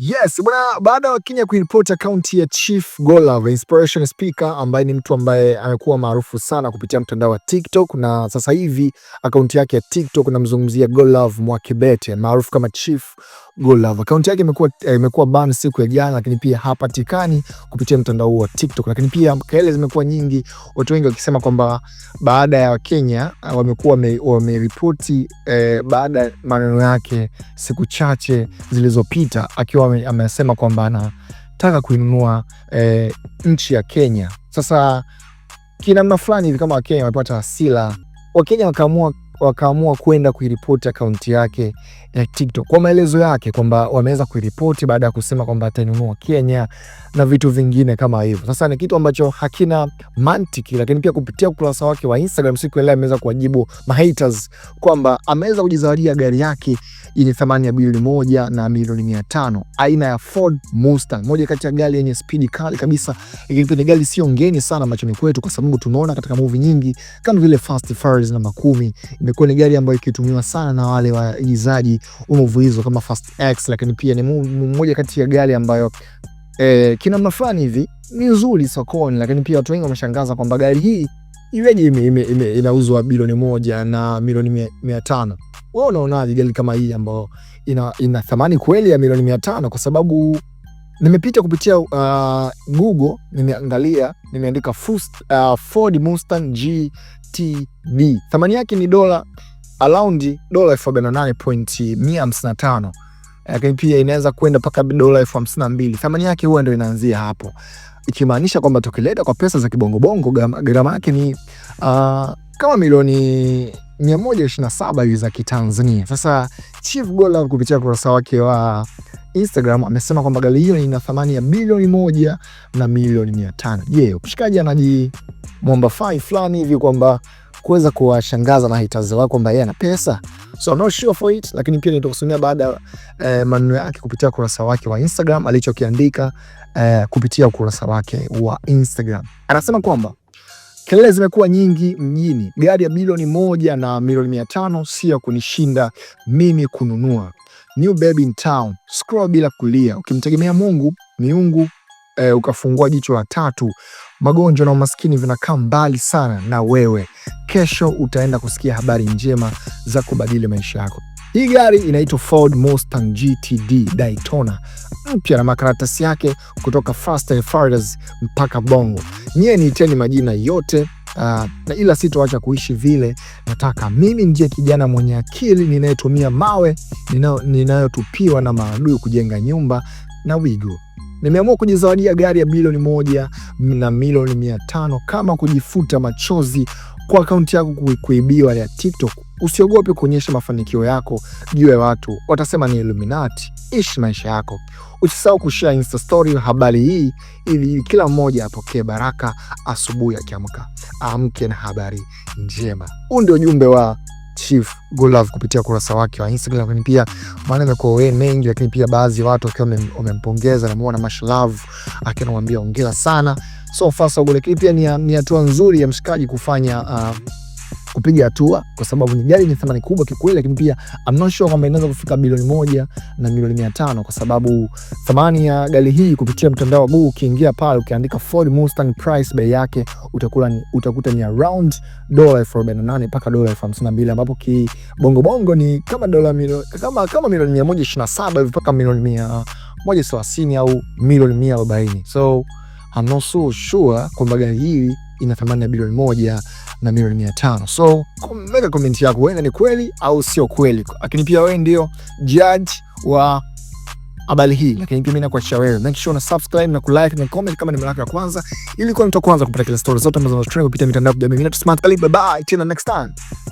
Yes, bwana, baada ya Kenya kuiripoti akaunti ya Chief Golov, inspiration speaker ambaye ni mtu ambaye amekuwa maarufu sana kupitia mtandao wa TikTok na sasa hivi akaunti yake ya TikTok namzungumzia Golov Mwakibete maarufu kama Chief Golov. Akaunti yake imekuwa eh, imekuwa ban siku ya jana, lakini pia hapatikani kupitia mtandao wa TikTok. Lakini pia kelele zimekuwa nyingi, watu wengi wakisema kwamba baada ya Wakenya eh, wamekuwa wameripoti eh, baada ya maneno yake siku chache zilizopita akiwa amesema kwamba anataka kuinunua e, nchi ya Kenya. Sasa kinamna fulani hivi kama Wakenya wamepata hasira, Wakenya wakaamua wakaamua kwenda kuiripoti akaunti yake ya TikTok kwa maelezo yake kwamba wameweza kuiripoti baada ya kusema kwamba atanunua Kenya na vitu vingine kama hivyo. Sasa ni kitu ambacho hakina mantiki, lakini pia kupitia ukurasa wake wa Instagram siku ile ameweza kuwajibu mahaters kwamba ameweza kujizawadia gari yake yenye thamani ya bilioni moja na milioni mia tano aina ya Ford Mustang, moja kati ya gari yenye speed kali kabisa, ikipo ni gari sio ngeni sana machoni kwetu, kwa sababu tunaona katika movie nyingi kama vile Fast Furious na makumi imekuwa ni gari ambayo ikitumiwa sana na wale waigizaji wa movie hizo kama Fast X, lakini pia ni mmoja kati ya gari ambayo eh, kina mafani hivi ni nzuri sokoni, lakini pia watu wengi wameshangaza kwamba gari hii iweje inauzwa bilioni moja na milioni mia tano. We unaonaje gari kama hii ambayo ina, ina thamani kweli ya milioni mia tano? Kwa sababu nimepita kupitia uh, Google nimeangalia, nimeandika uh, Ford Mustang G BTB. Thamani yake ni dola around dola elfu arobaini na nane pointi mia hamsini na tano lakini pia inaweza kwenda mpaka dola elfu hamsini na mbili Thamani yake huwa ndio inaanzia hapo, ikimaanisha kwamba tukileta kwa pesa za kibongobongo gharama yake ni uh, kama milioni 127 hivi za Kitanzania. Sasa Chief Goal kupitia ukurasa wake wa Instagram amesema kwamba gari hilo lina thamani ya bilioni moja na milioni mia tano. Je, mshikaji anajimwamba fai fulani hivi kwamba kuweza kuwashangaza na haters wao kwamba yeye ana pesa, so I'm not sure for it, lakini pia nitakusomea baada ya eh, maneno yake kupitia ukurasa wake wa Instagram alichokiandika eh, kupitia ukurasa wake wa Instagram. Anasema kwamba kelele zimekuwa nyingi mjini, gari ya milioni moja na milioni mia tano si ya kunishinda mimi kununua New Baby in Town, scroll bila kulia, ukimtegemea Mungu miungu e, ukafungua jicho la tatu, magonjwa na umaskini vinakaa mbali sana na wewe. Kesho utaenda kusikia habari njema za kubadili maisha yako. Hii gari inaitwa Ford Mustang GTD Daytona mpya na makaratasi yake kutoka Fast and Furious mpaka Bongo. Nyie niiteni majina yote uh, ila sitoacha kuishi vile. Nataka mimi ndiye kijana mwenye akili ninayetumia mawe ninayotupiwa na maadui kujenga nyumba na wigo. Nimeamua kujizawadia gari ya bilioni moja na milioni mia tano kama kujifuta machozi kwa akaunti yako kuibiwa ya TikTok. Usiogope kuonyesha mafanikio yako juu ya watu, watasema ni Illuminati. Ishi maisha yako, usisahau kushare insta story habari hii ili kila mmoja apokee baraka asubuhi akiamka, aamke na habari njema. Huu ndio ujumbe wa Chief Godlove kupitia ukurasa wake wa Instagram, lakini pia maana imekuwa wee mengi, lakini pia baadhi ya watu wakiwa wamempongeza, namuona Mashlav akiwa anamwambia hongera sana so far so good, lakini pia ni hatua nzuri ya mshikaji kufanya uh, kupiga hatua, kwa sababu ni gari ni thamani kubwa kikweli, lakini pia I'm not sure kama inaweza kufika bilioni moja na milioni mia tano kwa sababu thamani ya gari hii kupitia mtandao wa Google, ukiingia pale ukiandika Ford Mustang price, bei yake utakula ni, utakuta ni around dola elfu arobaini na nane mpaka dola elfu hamsini na mbili ambapo kibongobongo ni kama dola milioni kama kama milioni mia moja ishirini na saba hivi mpaka milioni mia moja thelathini au milioni mia arobaini so I'm not so sure kwamba gari hii ina thamani ya bilioni moja na milioni tano. So weka komenti yako, wenda ni kweli au sio kweli, lakini pia wewe ndio judge wa habari hii, lakini pia mimi nakuachia wewe. Make sure una subscribe na kulike na comment kama ni mara yako ya kwanza, ili kuwa mtu wa kwanza kupata kila story zote ambazo tunapitia kupitia mitandao ya kijamii. Bye bye, next time.